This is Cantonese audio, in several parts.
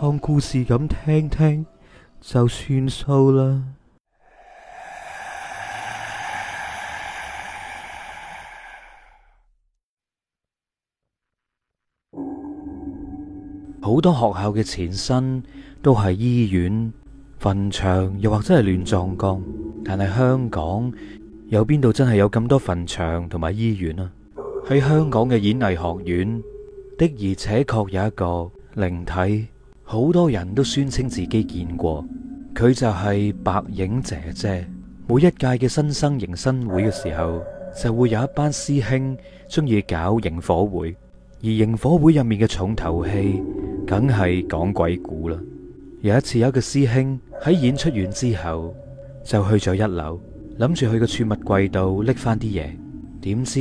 當故事咁聽聽就算數啦。好多學校嘅前身都係醫院、墳場，又或者係亂葬崗。但係香港有邊度真係有咁多墳場同埋醫院啊？喺香港嘅演藝學院的而且確有一個靈體。好多人都宣稱自己見過佢，就係白影姐姐。每一屆嘅新生迎新會嘅時候，就會有一班師兄中意搞營火會，而營火會入面嘅重頭戲，梗係講鬼故啦。有一次，有一個師兄喺演出完之後，就去咗一樓，諗住去個儲物櫃度拎返啲嘢。點知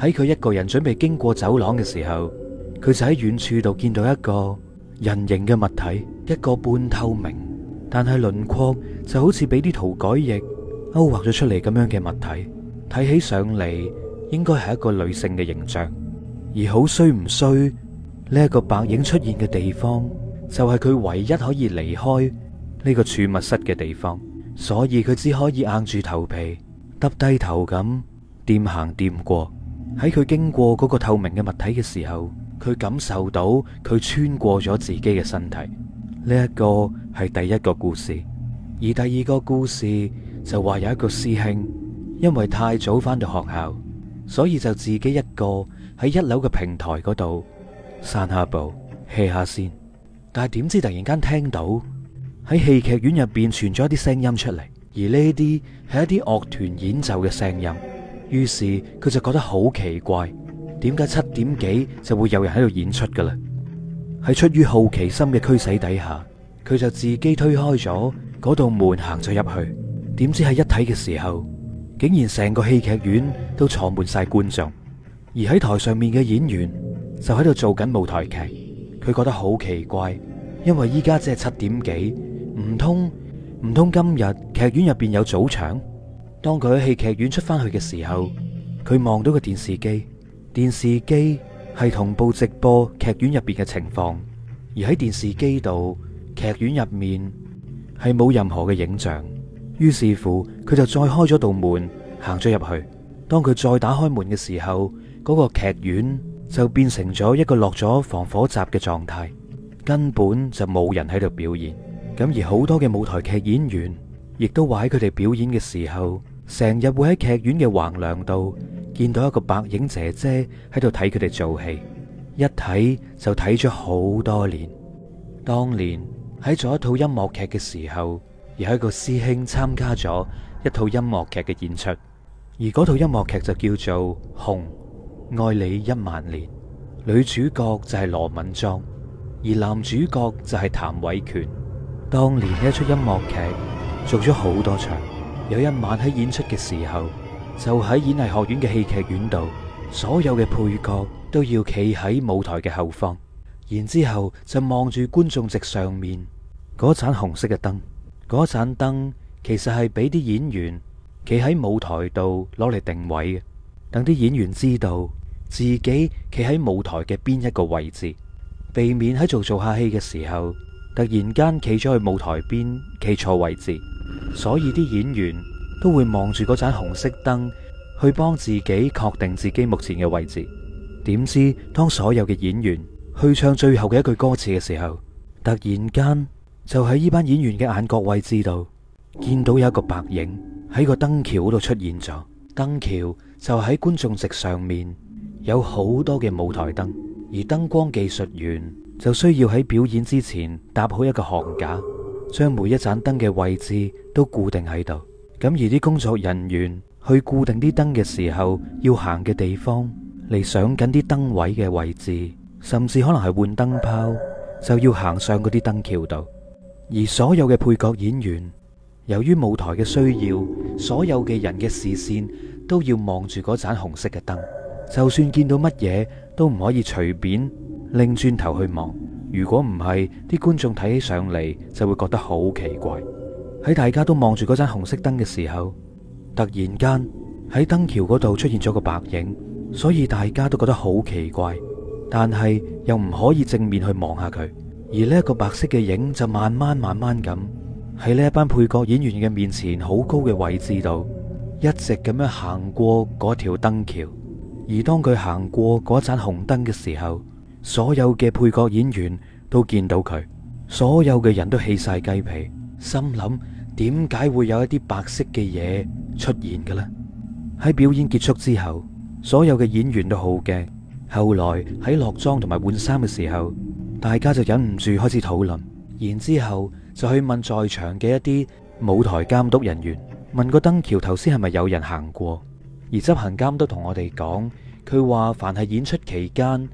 喺佢一個人準備經過走廊嘅時候，佢就喺遠處度見到一個。人形嘅物體，一個半透明，但係輪廓就好似俾啲塗改液勾畫咗出嚟咁樣嘅物體，睇起上嚟應該係一個女性嘅形象。而好衰唔衰，呢一個白影出現嘅地方，就係佢唯一可以離開呢個儲物室嘅地方，所以佢只可以硬住頭皮，耷低頭咁掂行掂過。喺佢經過嗰個透明嘅物體嘅時候，佢感受到佢穿過咗自己嘅身體，呢一個係第一個故事。而第二個故事就話有一個師兄，因為太早翻到學校，所以就自己一個喺一樓嘅平台嗰度散下步，歇下先。但係點知突然間聽到喺戲劇院入邊傳咗一啲聲音出嚟，而呢啲係一啲樂團演奏嘅聲音。於是佢就覺得好奇怪。點解七點幾就會有人喺度演出㗎喇？喺出於好奇心嘅驅使底下，佢就自己推開咗嗰道門行咗入去。點知喺一睇嘅時候，竟然成個戲劇院都坐滿晒觀眾，而喺台上面嘅演員就喺度做緊舞台劇。佢覺得好奇怪，因為依家只係七點幾，唔通唔通今日劇院入邊有早場？當佢喺戲劇院出翻去嘅時候，佢望到個電視機。電視機係同步直播劇院入邊嘅情況，而喺電視機度，劇院入面係冇任何嘅影像。於是乎，佢就再開咗道門，行咗入去。當佢再打開門嘅時候，嗰個劇院就變成咗一個落咗防火閘嘅狀態，根本就冇人喺度表演。咁而好多嘅舞台劇演員，亦都話喺佢哋表演嘅時候。成日會喺劇院嘅橫樑度見到一個白影姐姐喺度睇佢哋做戲，一睇就睇咗好多年。當年喺做一套音樂劇嘅時候，有一個師兄參加咗一套音樂劇嘅演出，而嗰套音樂劇就叫做《紅愛你一萬年》，女主角就係羅敏莊，而男主角就係譚偉權。當年呢一出音樂劇做咗好多場。有一晚喺演出嘅時候，就喺演藝學院嘅戲劇院度，所有嘅配角都要企喺舞台嘅後方，然之後就望住觀眾席上面嗰盞紅色嘅燈，嗰盞燈其實係俾啲演員企喺舞台度攞嚟定位嘅，等啲演員知道自己企喺舞台嘅邊一個位置，避免喺做做下戲嘅時候。突然間企咗去舞台邊，企錯位置，所以啲演員都會望住嗰盞紅色燈，去幫自己確定自己目前嘅位置。點知當所有嘅演員去唱最後嘅一句歌詞嘅時候，突然間就喺呢班演員嘅眼角位置度，見到有一個白影喺個燈橋度出現咗。燈橋就喺觀眾席上面，有好多嘅舞台燈，而燈光技術員。就需要喺表演之前搭好一個桁架，將每一盞燈嘅位置都固定喺度。咁而啲工作人員去固定啲燈嘅時候，要行嘅地方嚟上緊啲燈位嘅位置，甚至可能係換燈泡，就要行上嗰啲燈橋度。而所有嘅配角演員，由於舞台嘅需要，所有嘅人嘅視線都要望住嗰盞紅色嘅燈，就算見到乜嘢都唔可以隨便，擰轉頭去望，如果唔係，啲觀眾睇起上嚟，就會覺得好奇怪。喺大家都望住嗰盞紅色燈嘅時候，突然間喺燈橋嗰度出現咗個白影，所以大家都覺得好奇怪，但係又唔可以正面去望下佢。而呢一個白色嘅影就慢慢慢慢咁喺呢一班配角演員嘅面前好高嘅位置度，一直咁樣行過嗰條燈橋。而當佢行過嗰盞紅燈嘅時候，所有嘅配角演員都見到佢，所有嘅人都起晒雞皮，心諗點解會有一啲白色嘅嘢出現嘅呢？喺表演結束之後，所有嘅演員都好驚。後來喺落妝同埋換衫嘅時候，大家就忍唔住開始討論，然之後就去問在場嘅一啲舞台監督人員，問個燈橋頭先係咪有人行過？而執行監督同我哋講，佢話凡係演出期間。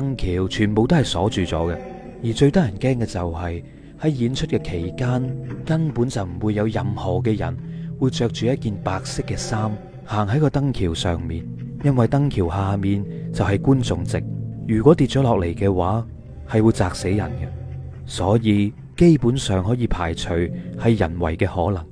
燈橋全部都係鎖住咗嘅，而最得人驚嘅就係喺演出嘅期間，根本就唔會有任何嘅人會着住一件白色嘅衫行喺個燈橋上面，因為燈橋下面就係觀眾席，如果跌咗落嚟嘅話係會砸死人嘅，所以基本上可以排除係人為嘅可能。